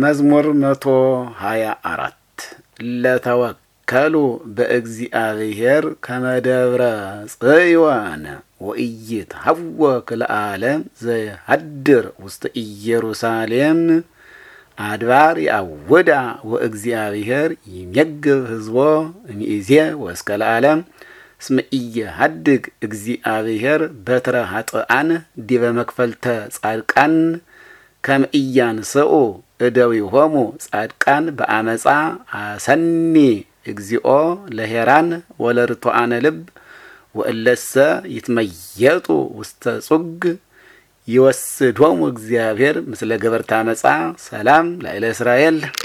መዝሙር መቶ ሀያ አራት ለተወከሉ በእግዚአብሔር ከመደብረ ጽዮን ወኢይትሐወክ ለዓለም ዘየሃድር ውስተ ኢየሩሳሌም አድባር ያውዳ ወእግዚአብሔር ይሜግብ ህዝቦ እምይእዜ ወእስከ ለዓለም እስመ ኢየሃድግ እግዚአብሔር በትረ ኃጥኣን ዲበ መክፈልተ ጻድቃን ከም እያንስኡ እደዊሆሙ ጻድቃን በአመፃ አሰኒ እግዚኦ ለሄራን ወለርቱዓነ ልብ ወእለሰ ይትመየጡ ውስተ ጹግ ይወስዶሙ እግዚአብሔር ምስለ ገበርታ መጻ ሰላም ላዕለ እስራኤል